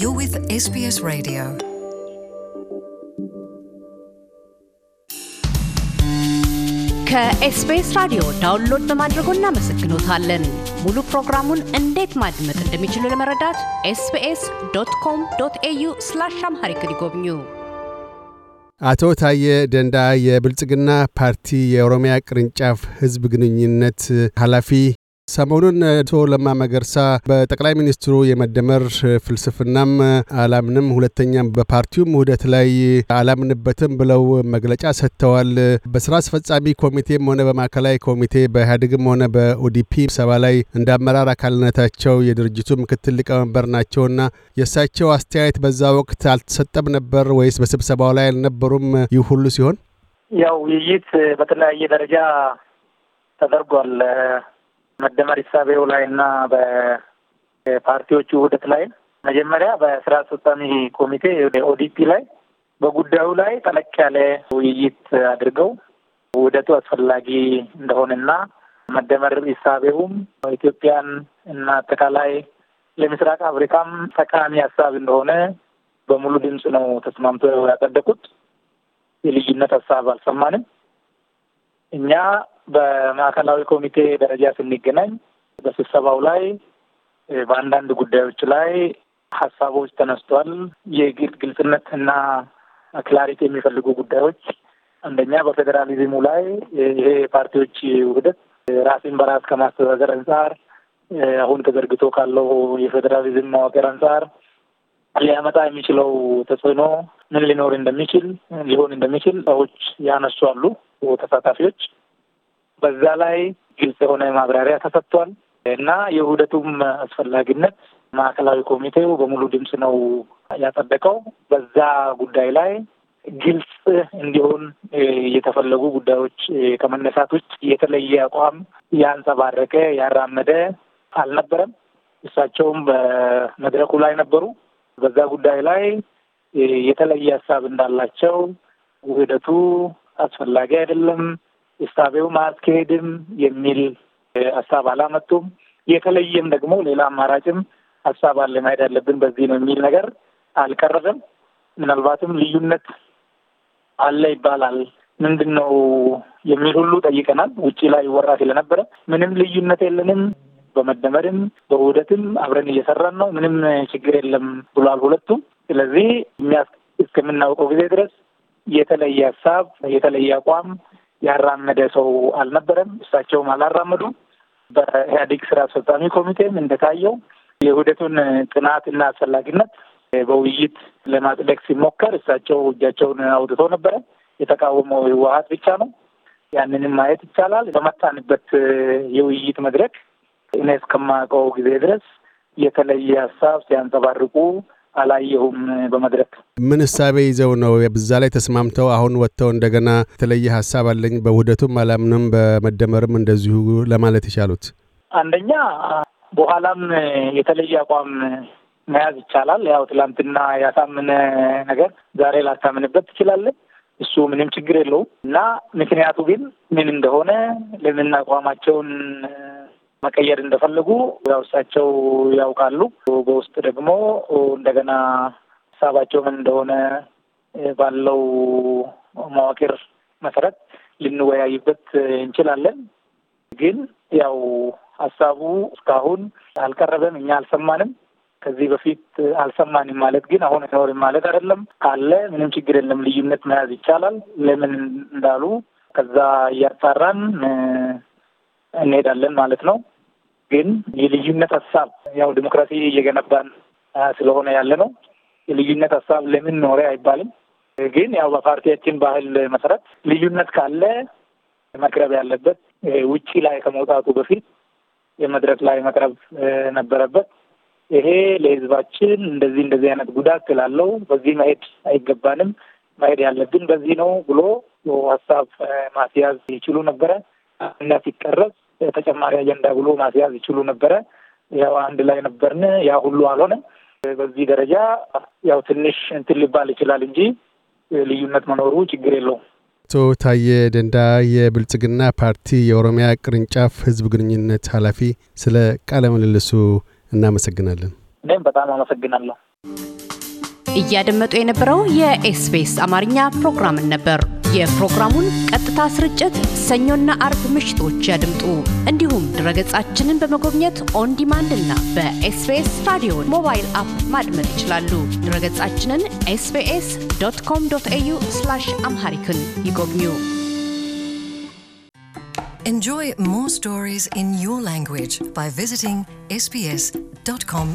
You're with SBS Radio. ከኤስቢኤስ ራዲዮ ዳውንሎድ በማድረጎ እናመሰግኖታለን። ሙሉ ፕሮግራሙን እንዴት ማድመጥ እንደሚችሉ ለመረዳት ኤስቢኤስ ዶት ኮም ዶት ኤዩ ስላሽ አምሃሪክ ይጎብኙ። አቶ ታየ ደንዳ የብልጽግና ፓርቲ የኦሮሚያ ቅርንጫፍ ህዝብ ግንኙነት ኃላፊ ሰሞኑን አቶ ለማ መገርሳ በጠቅላይ ሚኒስትሩ የመደመር ፍልስፍናም አላምንም፣ ሁለተኛም በፓርቲውም ውህደት ላይ አላምንበትም ብለው መግለጫ ሰጥተዋል። በስራ አስፈጻሚ ኮሚቴም ሆነ በማዕከላዊ ኮሚቴ በኢህአዴግም ሆነ በኦዲፒ ሰባ ላይ እንደ አመራር አካልነታቸው የድርጅቱ ምክትል ሊቀመንበር ናቸውና የእሳቸው አስተያየት በዛ ወቅት አልተሰጠም ነበር ወይስ በስብሰባው ላይ አልነበሩም? ይህ ሁሉ ሲሆን ያው ውይይት በተለያየ ደረጃ ተደርጓል። መደመር ሂሳቤው ላይ እና በፓርቲዎቹ ውህደት ላይ መጀመሪያ በስራ አስፈጻሚ ኮሚቴ ኦዲፒ ላይ በጉዳዩ ላይ ጠለቅ ያለ ውይይት አድርገው ውህደቱ አስፈላጊ እንደሆነና መደመር ሂሳቤውም ኢትዮጵያን እና አጠቃላይ ለምስራቅ አፍሪካም ጠቃሚ ሀሳብ እንደሆነ በሙሉ ድምፅ ነው ተስማምቶ ያጸደቁት። የልዩነት ሀሳብ አልሰማንም እኛ በማዕከላዊ ኮሚቴ ደረጃ ስንገናኝ በስብሰባው ላይ በአንዳንድ ጉዳዮች ላይ ሀሳቦች ተነስቷል። ግልጽነት እና ክላሪቲ የሚፈልጉ ጉዳዮች አንደኛ በፌዴራሊዝሙ ላይ ይሄ የፓርቲዎች ውህደት ራስን በራስ ከማስተዳደር አንጻር አሁን ተዘርግቶ ካለው የፌዴራሊዝም መዋቅር አንጻር ሊያመጣ የሚችለው ተጽዕኖ ምን ሊኖር እንደሚችል ሊሆን እንደሚችል ሰዎች ያነሱ አሉ ተሳታፊዎች በዛ ላይ ግልጽ የሆነ ማብራሪያ ተሰጥቷል እና የውህደቱም አስፈላጊነት ማዕከላዊ ኮሚቴው በሙሉ ድምፅ ነው ያጸደቀው። በዛ ጉዳይ ላይ ግልጽ እንዲሆን የተፈለጉ ጉዳዮች ከመነሳት ውጭ የተለየ አቋም ያንጸባረቀ ያራመደ አልነበረም። እሳቸውም በመድረኩ ላይ ነበሩ። በዛ ጉዳይ ላይ የተለየ ሀሳብ እንዳላቸው ውህደቱ አስፈላጊ አይደለም፣ እሳቤው ማስኬድም የሚል ሀሳብ አላመጡም። የተለየም ደግሞ ሌላ አማራጭም ሀሳብ አለ ማሄድ ያለብን በዚህ ነው የሚል ነገር አልቀረበም። ምናልባትም ልዩነት አለ ይባላል ምንድን ነው የሚል ሁሉ ጠይቀናል። ውጭ ላይ ይወራ ስለነበረ ምንም ልዩነት የለንም፣ በመደመርም በውህደትም አብረን እየሰራን ነው፣ ምንም ችግር የለም ብሏል ሁለቱም። ስለዚህ እስከምናውቀው ጊዜ ድረስ የተለየ ሀሳብ የተለየ አቋም ያራመደ ሰው አልነበረም። እሳቸውም አላራመዱም። በኢህአዴግ ስራ አስፈጻሚ ኮሚቴም እንደታየው የውህደቱን ጥናት እና አስፈላጊነት በውይይት ለማጽደቅ ሲሞከር እሳቸው እጃቸውን አውጥቶ ነበረ። የተቃወመው ህወሀት ብቻ ነው። ያንንም ማየት ይቻላል። በመጣንበት የውይይት መድረክ እኔ እስከማውቀው ጊዜ ድረስ የተለየ ሀሳብ ሲያንጸባርቁ አላየሁም በመድረክ ምን እሳቤ ይዘው ነው በዛ ላይ ተስማምተው አሁን ወጥተው እንደገና የተለየ ሀሳብ አለኝ በውህደቱም አላምንም በመደመርም እንደዚሁ ለማለት የቻሉት? አንደኛ በኋላም የተለየ አቋም መያዝ ይቻላል። ያው ትላንትና ያሳምነ ነገር ዛሬ ላታምንበት ትችላለን። እሱ ምንም ችግር የለውም እና ምክንያቱ ግን ምን እንደሆነ ለምን አቋማቸውን መቀየር እንደፈለጉ ያው እሳቸው ያውቃሉ። በውስጥ ደግሞ እንደገና ሀሳባቸው ምን እንደሆነ ባለው መዋቅር መሰረት ልንወያይበት እንችላለን። ግን ያው ሀሳቡ እስካሁን አልቀረበም፣ እኛ አልሰማንም። ከዚህ በፊት አልሰማንም ማለት ግን አሁን አይኖርም ማለት አይደለም። ካለ ምንም ችግር የለም፣ ልዩነት መያዝ ይቻላል። ለምን እንዳሉ ከዛ እያጣራን እንሄዳለን ማለት ነው። ግን የልዩነት ሀሳብ ያው ዲሞክራሲ እየገነባን ስለሆነ ያለ ነው። የልዩነት ሀሳብ ለምን ኖረ አይባልም። ግን ያው በፓርቲያችን ባህል መሰረት ልዩነት ካለ መቅረብ ያለበት ውጪ ላይ ከመውጣቱ በፊት የመድረክ ላይ መቅረብ ነበረበት። ይሄ ለህዝባችን እንደዚህ እንደዚህ አይነት ጉዳት ስላለው በዚህ መሄድ አይገባንም፣ መሄድ ያለብን በዚህ ነው ብሎ ሀሳብ ማስያዝ ይችሉ ነበረ። ይቀረጽ ተጨማሪ አጀንዳ ብሎ ማስያዝ ይችሉ ነበረ። ያው አንድ ላይ ነበርን። ያ ሁሉ አልሆነ። በዚህ ደረጃ ያው ትንሽ እንትን ሊባል ይችላል እንጂ ልዩነት መኖሩ ችግር የለውም። አቶ ታዬ ደንዳ የብልጽግና ፓርቲ የኦሮሚያ ቅርንጫፍ ህዝብ ግንኙነት ኃላፊ፣ ስለ ቃለ ምልልሱ እናመሰግናለን። እኔም በጣም አመሰግናለሁ። እያደመጡ የነበረው የኤስቢኤስ አማርኛ ፕሮግራምን ነበር። የፕሮግራሙን ቀጥታ ስርጭት ሰኞና አርብ ምሽቶች ያድምጡ። እንዲሁም ድረገጻችንን በመጎብኘት ኦን ዲማንድ እና በኤስቢኤስ ራዲዮ ሞባይል አፕ ማድመጥ ይችላሉ። ድረገጻችንን ኤስቢኤስ ዶት ኮም ዶት ኤዩ አምሃሪክን ይጎብኙ። Enjoy more stories in your language by visiting sbs.com.au.